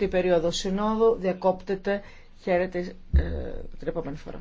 την περίοδο συνόδου. Διακόπτεται. Χαίρετε ε, την επόμενη φορά.